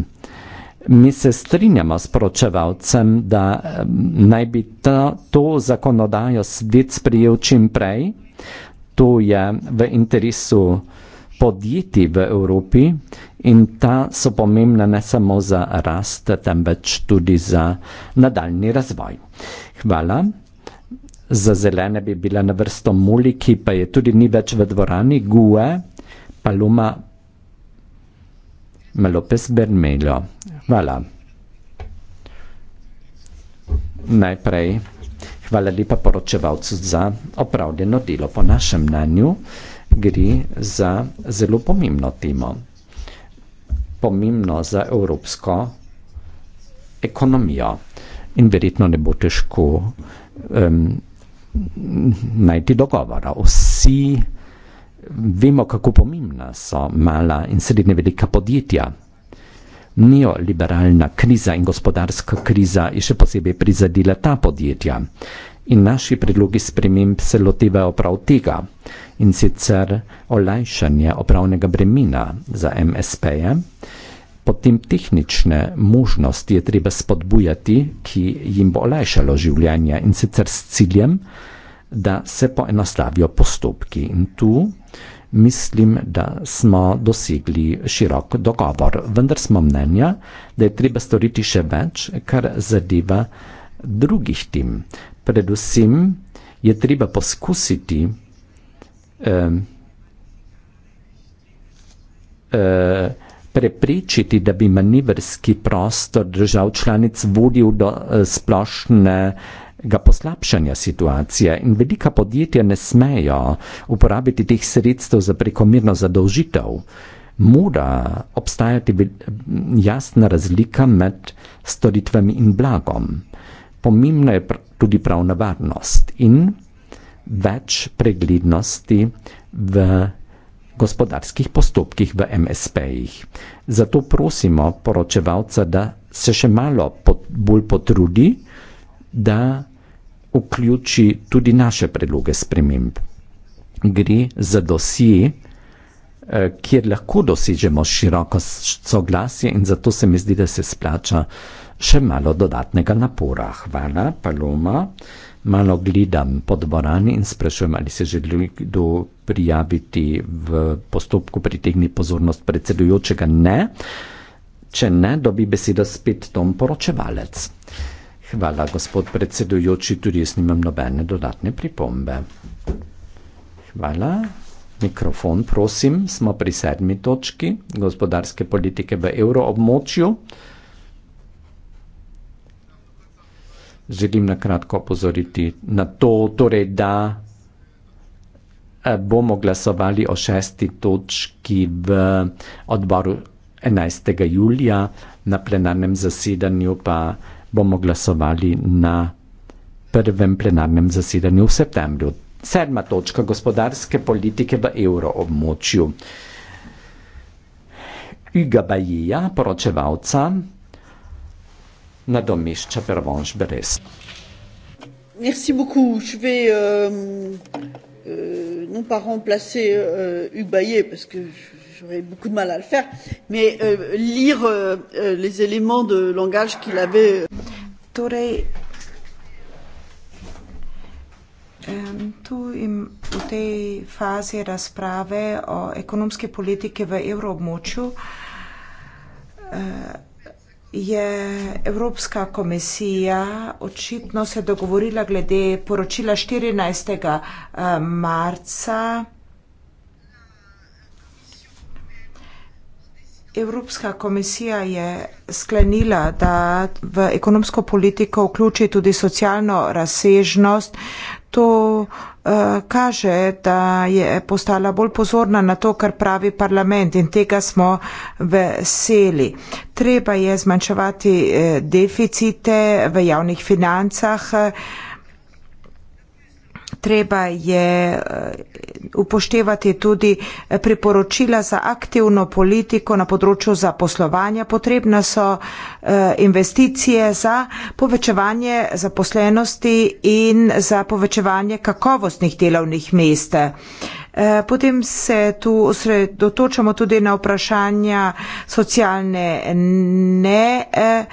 B: Mi se strinjamo s poročevalcem, da naj bi to, to zakonodajo svet sprijel čim prej. To je v interesu podjetij v Evropi in ta so pomembna ne samo za rast, temveč tudi za nadaljni razvoj. Hvala. Za zelene bi bila na vrsto muli, ki pa je tudi ni več v dvorani, gue, paluma, ma Lopez Bermelo. Hvala. Najprej hvala lepa poročevalcu za opravljeno delo. Po našem mnenju gre za zelo pomembno temo. Pomembno za evropsko ekonomijo. In verjetno ne bo težko um, najti dogovora. Vsi vemo, kako pomembna so mala in srednje velika podjetja. Neoliberalna kriza in gospodarska kriza je še posebej prizadela ta podjetja. In naši predlogi sprememb se lotevajo prav tega in sicer olajšanje opravnega bremena za MSP-je, potem tehnične možnosti je treba spodbujati, ki jim bo olajšalo življenje in sicer s ciljem, da se poenostavijo postopki. In tu mislim, da smo dosegli širok dogovor. Vendar smo mnenja, da je treba storiti še več, kar zadeva drugih tim. Predvsem je treba poskusiti eh, eh, preprečiti, da bi manevrski prostor držav članic vodil do eh, splošne eh, ga poslabšanja situacije in velika podjetja ne smejo uporabiti teh sredstev za prekomerno zadolžitev. Mora obstajati jasna razlika med storitvami in blagom. Pomembna je pr tudi pravna varnost in več preglednosti v gospodarskih postopkih v MSP-jih. Zato prosimo poročevalca, da se še malo pot bolj potrudi da vključi tudi naše predloge sprememb. Gre za dosije, eh, kjer lahko dosežemo široko soglasje in zato se mi zdi, da se splača še malo dodatnega napora. Hvala, Paloma. Malo gledam po dvorani in sprašujem, ali se želi kdo prijaviti v postopku pritegni pozornost predsedujočega. Ne. Če ne, dobi besedo spet Tom Poročevalec. Hvala, gospod predsedujoči, tudi jaz nimam nobene dodatne pripombe. Hvala. Mikrofon, prosim, smo pri sedmi točki gospodarske politike v evroobmočju. Želim na kratko opozoriti na to, torej, da eh, bomo glasovali o šesti točki v odboru 11. julija, na plenarnem zasedanju pa bomo glasovali na prvem plenarnem zasedanju v septembru. Sedma točka gospodarske politike v evroobmočju. Iga Bajija, poročevalca, nadomešča Pervonš Beres.
C: Merci beaucoup. Je vais euh, euh, non pas remplacer euh, Hugues Bayet parce que je, j'aurais beaucoup de mal à le faire, mais euh, lire euh, euh, les éléments de langage qu'il avait. Euh. Torej, tu im, v tej fazi razprave o ekonomski politiki v evroobmočju eh, je Evropska komisija očitno se dogovorila glede poročila 14. Eh, marca Evropska komisija je sklenila, da v ekonomsko politiko vključi tudi socialno razsežnost. To uh, kaže, da je postala bolj pozorna na to, kar pravi parlament in tega smo veseli. Treba je zmanjševati eh, deficite v javnih financah. Uh, treba je eh, upoštevati tudi eh, priporočila za aktivno politiko na področju zaposlovanja. Potrebna so eh, investicije za povečevanje zaposlenosti in za povečevanje kakovostnih delovnih mest. Potem se tu osredotočamo tudi na vprašanja socialne neenakosti,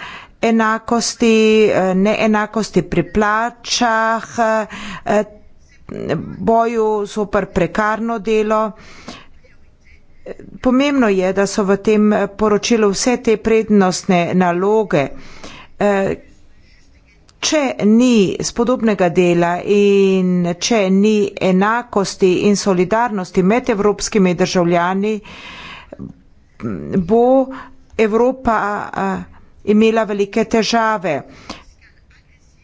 C: neenakosti pri plačah boju zopr prekarno delo. Pomembno je, da so v tem poročilu vse te prednostne naloge. E, če ni spodobnega dela in če ni enakosti in solidarnosti med evropskimi državljani, bo Evropa imela velike težave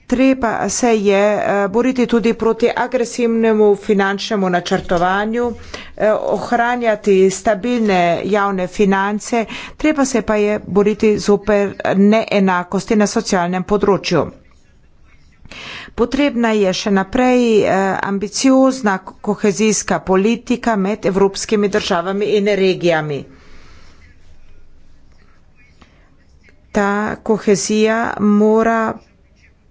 C: treba se je eh, boriti tudi proti agresivnemu finančnemu načrtovanju, eh, ohranjati stabilne javne finance, treba se pa je boriti zoper neenakosti na socialnem področju. Potrebna je še naprej eh, ambiciozna kohezijska politika med evropskimi državami in regijami. Ta kohezija mora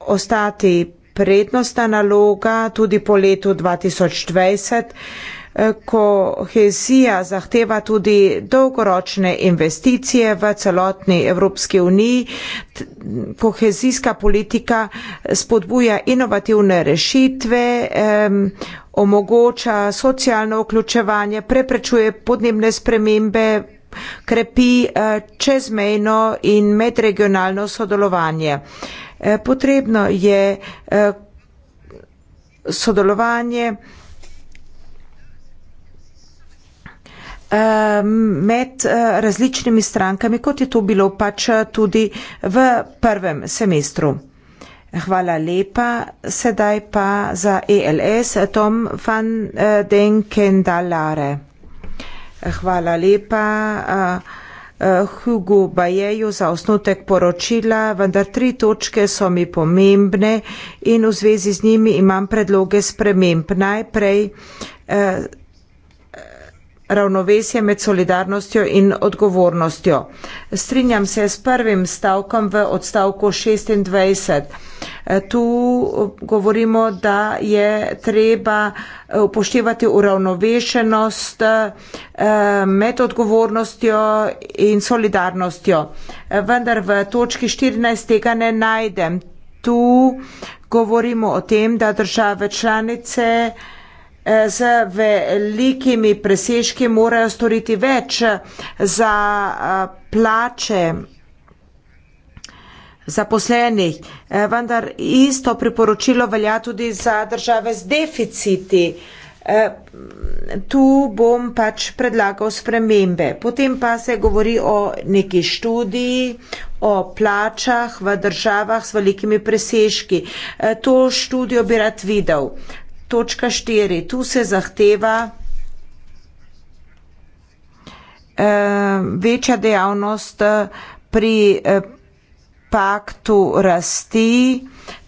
C: ostati prednostna naloga tudi po letu 2020, eh, kohezija zahteva tudi dolgoročne investicije v celotni Evropski uniji. Kohezijska politika spodbuja inovativne rešitve, omogoča socialno vključevanje, preprečuje podnebne spremembe krepi eh, čezmejno in medregionalno sodelovanje. Eh, potrebno je eh, sodelovanje med različnimi strankami, kot je to bilo pač tudi v prvem semestru. Hvala lepa. Sedaj pa za ELS Tom van den Kendalare. Hvala lepa. Hugo Bajeju za osnutek poročila, vendar tri točke so mi pomembne in v zvezi z njimi imam predloge sprememb. Najprej ravnovesje med solidarnostjo in odgovornostjo. Strinjam se s prvim stavkom v odstavku 26. E, tu govorimo, da je treba e, upoštevati uravnovešenost e, med odgovornostjo in solidarnostjo. Vendar v točki 14 tega ne najdem. Tu govorimo o tem, da države članice z velikimi presežki morajo storiti več za plače zaposlenih. E, vendar isto priporočilo velja tudi za države z deficiti. E, tu bom pač predlagal spremembe. Potem pa se govori o neki študiji, o plačah v državah s velikimi presežki. E, to študijo bi rad videl točka štiri, tu se zahteva eh, večja dejavnost eh, pri eh, paktu rasti.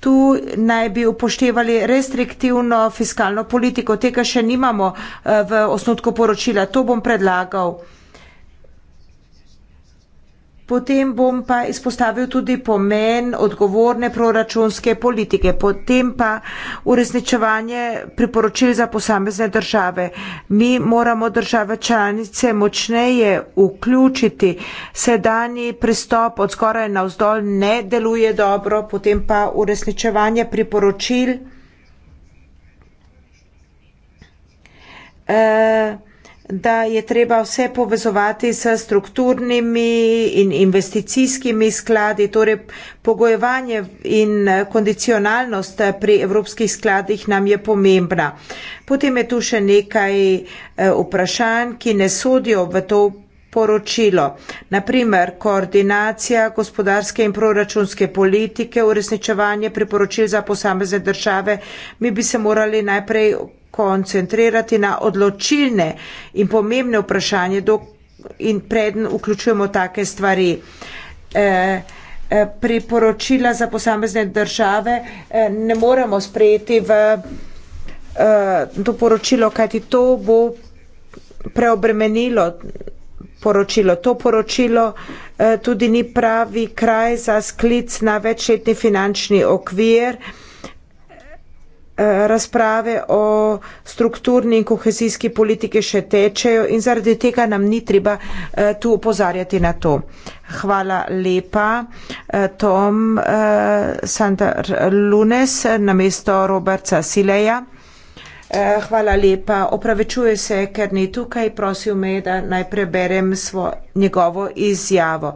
C: Tu naj bi upoštevali restriktivno fiskalno politiko. Tega še nimamo eh, v osnutku poročila. To bom predlagal potem bom pa izpostavil tudi pomen odgovorne proračunske politike, potem pa uresničevanje priporočil za posamezne države. Mi moramo države članice močneje vključiti. Sedanji pristop od skoraj na vzdolj ne deluje dobro, potem pa uresničevanje priporočil. Uh, da je treba vse povezovati s strukturnimi in investicijskimi skladi, torej pogojevanje in kondicionalnost pri evropskih skladih nam je pomembna. Potem je tu še nekaj eh, vprašanj, ki ne sodijo v to poročilo. Naprimer, koordinacija gospodarske in proračunske politike, uresničevanje priporočil za posamezne države, mi bi se morali najprej koncentrirati na odločilne in pomembne vprašanje, dok in predn vključujemo take stvari. E, priporočila za posamezne države eh, ne moremo sprejeti v to poročilo, kajti to bo preobremenilo poročilo. To poročilo tudi ni pravi kraj za sklic na večletni finančni okvir razprave o strukturni in kohezijski politiki še tečejo in zaradi tega nam ni treba eh, tu upozarjati na to. Hvala lepa, eh, Tom eh, Santar Lunes, namesto Roberta Sileja. Eh, hvala lepa. Opravičuje se, ker ni tukaj, prosil me, da naj preberem svo, njegovo izjavo.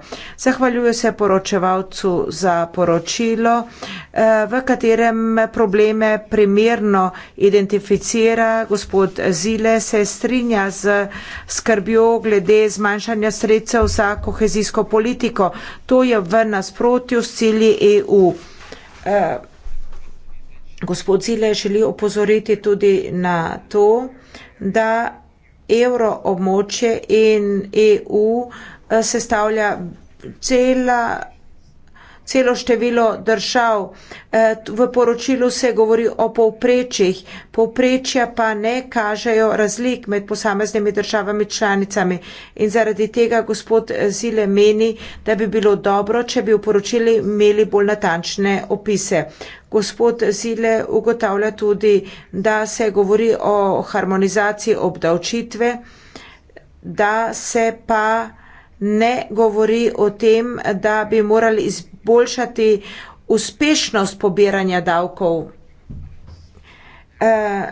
C: Zahvaljuje se poročevalcu za poročilo, eh, v katerem probleme primerno identificira gospod Zile, se strinja z skrbjo glede zmanjšanja sredstev za kohezijsko politiko. To je v nasprotju s cilji EU. Uh, eh, gospod Zile želi opozoriti tudi na to, da evroobmočje in EU eh, sestavlja cela. Celo število držav eh, v poročilu se govori o povprečjih, povprečja pa ne kažejo razlik med posameznimi državami članicami in zaradi tega gospod Zile meni, da bi bilo dobro, če bi v poročili imeli bolj natančne opise. Gospod Zile ugotavlja tudi, da se govori o harmonizaciji obdavčitve, da se pa ne govori o tem, da bi morali izboljšati uspešnost pobiranja davkov. E,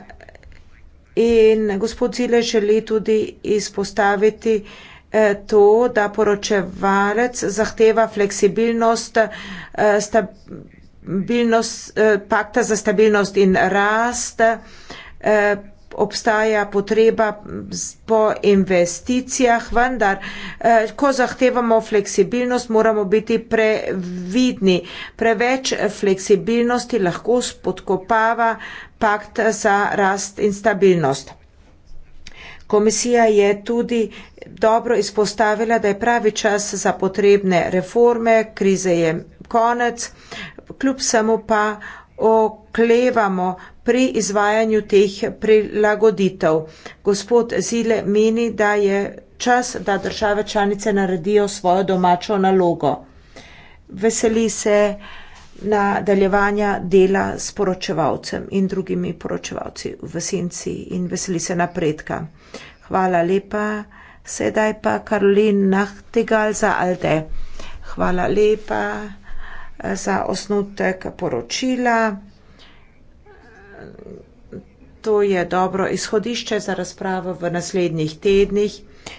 C: in gospod Zile želi tudi izpostaviti e, to, da poročevalec zahteva fleksibilnost, e, stabilnost stabilnost, eh, pakta za stabilnost in rast eh, obstaja potreba po investicijah, vendar, eh, ko zahtevamo fleksibilnost, moramo biti previdni. Preveč fleksibilnosti lahko spodkopava pakt za rast in stabilnost. Komisija je tudi dobro izpostavila, da je pravi čas za potrebne reforme, krize je konec, eh, kljub samo pa oklevamo pri izvajanju teh prilagoditev. Gospod Zile meni, da je čas, da države članice naredijo svojo domačo nalogo. Veseli se nadaljevanja dela s poročevalcem in drugimi poročevalci v senci in veseli se napredka. Hvala lepa. Sedaj pa Karolin Nachtigal za Alde. Hvala lepa za osnutek poročila. To je dobro izhodišče za razpravo v naslednjih tednih.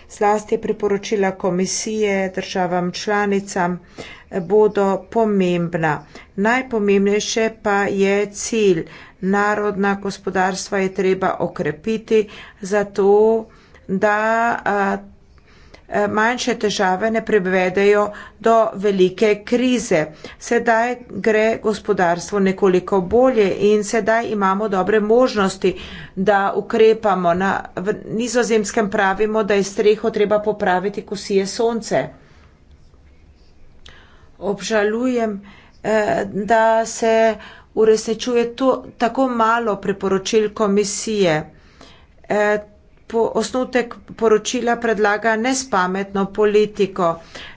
C: Zlasti priporočila komisije državam članicam bodo pomembna. Najpomembnejše pa je cilj. Narodna gospodarstva je treba okrepiti zato, da a, Eh, manjše težave ne privedejo do velike krize. Sedaj gre gospodarstvo nekoliko bolje in sedaj imamo dobre možnosti, da ukrepamo. Na nizozemskem pravimo, da je streho treba popraviti, ko si je sonce. Obžalujem, eh, da se uresničuje tako malo priporočil komisije. Eh, po, osnutek poročila predlaga nespametno politiko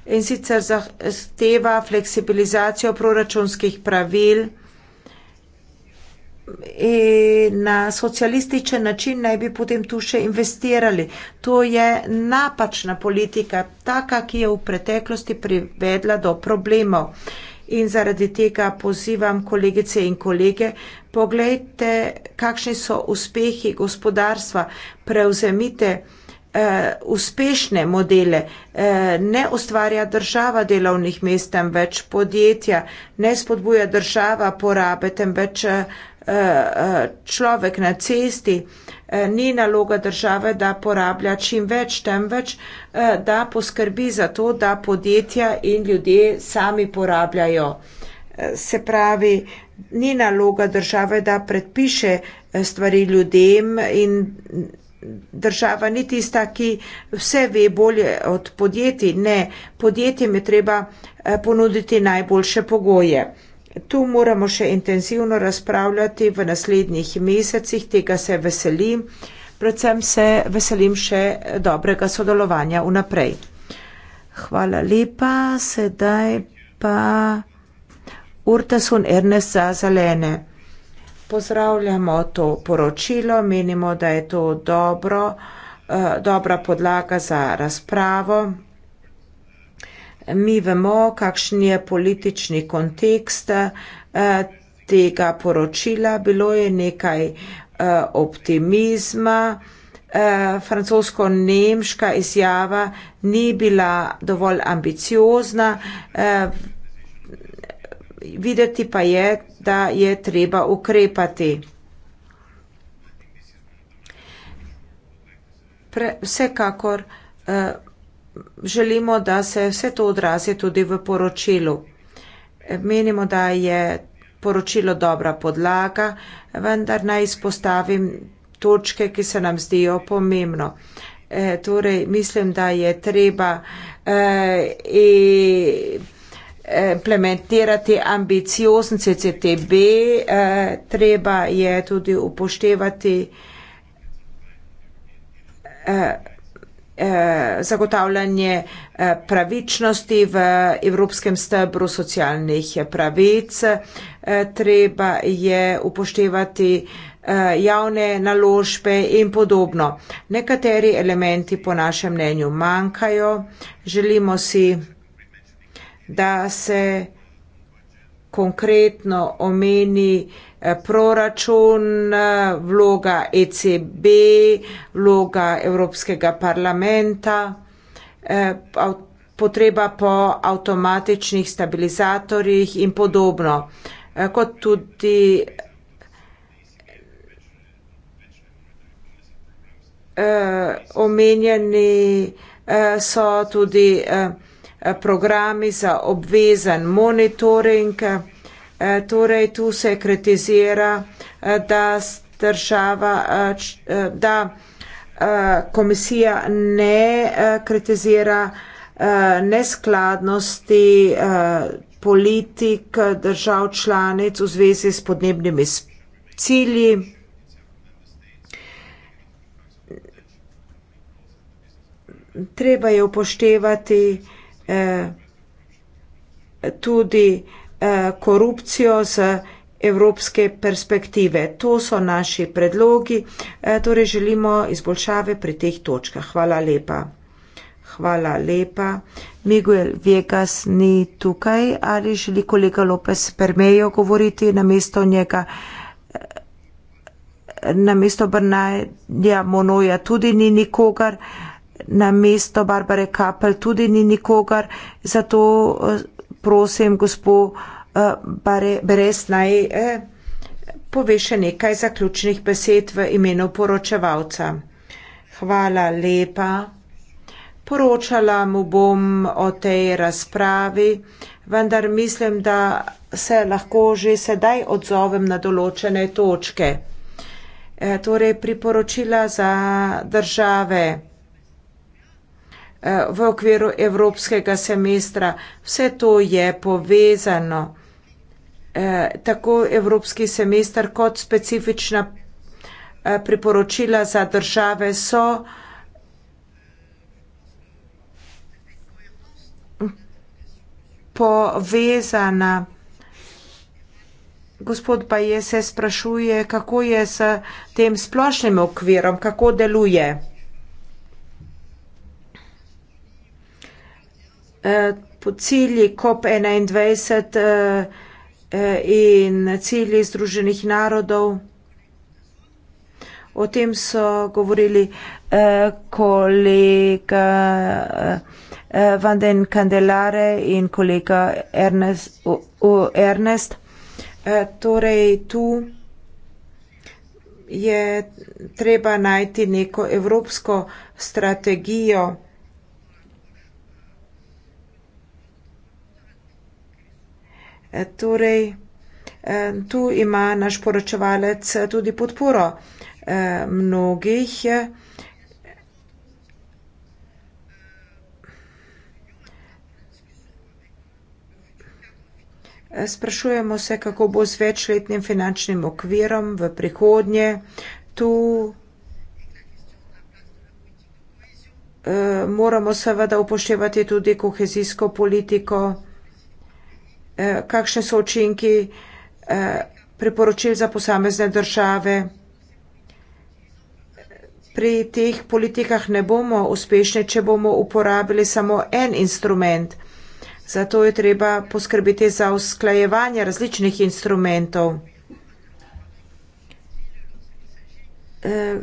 C: in sicer zahteva fleksibilizacijo proračunskih pravil in na socialističen način naj bi potem tu še investirali. To je napačna politika, taka, ki je v preteklosti privedla do problemov. Uh, in zaradi tega pozivam kolegice in kolege, pogledajte, kakšni so uspehi gospodarstva, prevzemite eh, uspešne modele, eh, ne ustvarja država delovnih mest, temveč podjetja, ne spodbuja država porabe, temveč eh, Eh, eh, človek na cesti, eh, ni naloga države, da porablja čim več, temveč, da poskrbi za to, da podjetja in ljudje sami porabljajo. Se pravi, ni naloga države, da predpiše stvari ljudem in država ni tista, ki vse ve bolje od podjetij. Ne, podjetjem je treba ponuditi najboljše pogoje. Tu moramo še intenzivno razpravljati v naslednjih mesecih, tega se veselim, predvsem se veselim še dobrega sodelovanja vnaprej. Hvala lepa, sedaj pa Urtasun Ernest za zelene. Pozdravljamo to poročilo, menimo, da je to dobro, eh, dobra podlaga za razpravo mi vemo, kakšen je politični kontekst eh, tega poročila. Bilo je nekaj eh, optimizma. Eh, francosko-nemška izjava ni bila dovolj ambiciozna. Videti pa je, da je treba ukrepati. Vsekakor želimo, da se vse to odrazi tudi v poročilu. Menimo, da je poročilo dobra podlaga, vendar naj izpostavim točke, ki se nam zdijo pomembno. E, torej, mislim, da je treba e, e, e implementirati ambiciozen CCTB, e, treba je tudi upoštevati e, Eh, zagotavljanje eh, pravičnosti v evropskem stebru socialnih eh, pravic. Treba je upoštevati javne naložbe in podobno. Nekateri elementi po našem mnenju manjkajo. Želimo si, da se konkretno omeni eh, proračun, eh, vloga ECB, vloga Evropskega parlamenta, eh, potreba po avtomatičnih stabilizatorjih in podobno. Kot tudi omenjeni so tudi Eh, programi za obvezen monitoring. Eh, torej, tu se kritizira, eh, da država, da komisija ne kritizira neskladnosti politik držav članic v zvezi s podnebnimi cilji. Treba je upoštevati, Eh, tudi eh, korupcijo z evropske perspektive. To so naši predlogi, eh, torej želimo izboljšave pri teh točkah. Hvala lepa. Hvala lepa. Miguel Vegas ni tukaj ali želi kolega Lopez Permejo govoriti na mesto njega. Na mesto Brnaja Monoja tudi ni nikogar na mesto Barbare Kapel tudi ni nikogar, zato eh, prosim, gospod eh, Beres, naj eh, pove še nekaj zaključnih besed v imenu poročevalca. Hvala lepa. Poročala mu bom o tej razpravi, vendar mislim, da se lahko že sedaj odzovem na določene točke. E, torej, priporočila za države v okviru evropskega semestra. Vse to je povezano. Eh, tako evropski semester kot specifična eh, priporočila za države so povezana. Gospod Baje se sprašuje, kako je s tem splošnim okvirom, kako deluje. Eh, po cilji COP21 eh, eh, in cilji Združenih narodov. O tem so govorili kolega Vanden Candelare in kolega Ernest. Torej, tu je treba najti neko evropsko strategijo. E, torej, e, tu ima naš poročevalec tudi podporo e, mnogih. Sprašujemo se, kako bo z večletnim finančnim okvirom v prihodnje. Tu moramo seveda upoštevati tudi kohezijsko politiko. Eh, kakšne so učinki eh, priporočil za posamezne države. Pri teh politikah ne bomo uspešni, če bomo uporabili samo en instrument. Zato je treba poskrbiti za usklajevanje različnih instrumentov. E,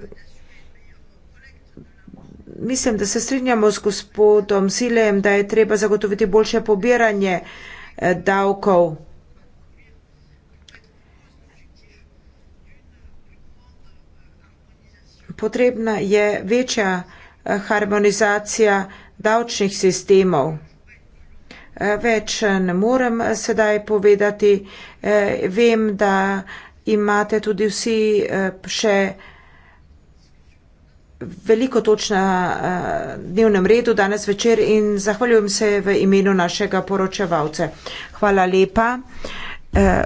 C: mislim, da se strinjamo z gospodom Silem, da je treba zagotoviti boljše pobiranje e, Eh, davkov. Potrebna je večja eh, harmonizacija davčnih sistemov. Eh, več ne morem sedaj povedati. Vem, da imate tudi vsi še veliko toč na eh, dnevnem redu danes večer in zahvaljujem se v imenu našega poročevalce. Hvala lepa. Eh,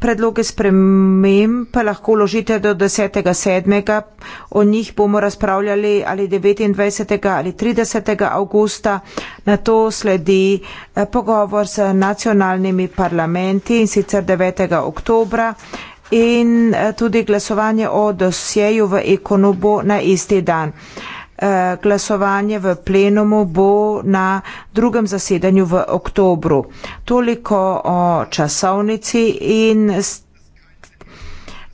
C: predloge spremem pa lahko ložite do 10.7. O njih bomo razpravljali ali 29. ali 30. augusta. Na to sledi eh, pogovor z nacionalnimi parlamenti in sicer 9. oktobra in eh, tudi glasovanje o dosjeju v ekonu bo na isti dan. Eh, glasovanje v plenumu bo na drugem zasedanju v oktobru. Toliko o časovnici in s tem.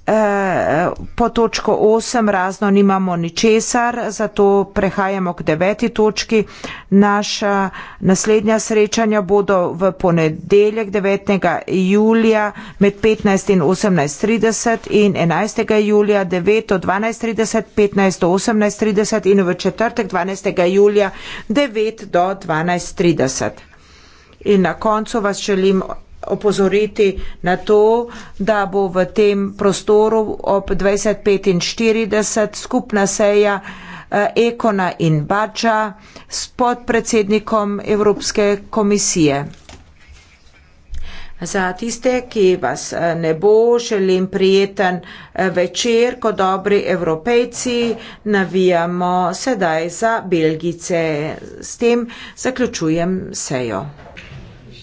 C: Eh, po točko 8 razno nimamo ničesar, zato prehajamo k deveti točki. Naša naslednja srečanja bodo v ponedeljek 9. julija med 15 in 18.30 in 11. julija 9. do 12.30, 15. do 18.30 in v četrtek 12. julija 9. do 12.30. In na koncu vas želim opozoriti na to, da bo v tem prostoru ob 25.40 skupna seja eh, Ekona in Bača s podpredsednikom Evropske komisije. Za tiste, ki vas eh, ne bo, želim prijeten eh, večer, ko dobri evropejci navijamo sedaj za Belgice. S tem zaključujem sejo.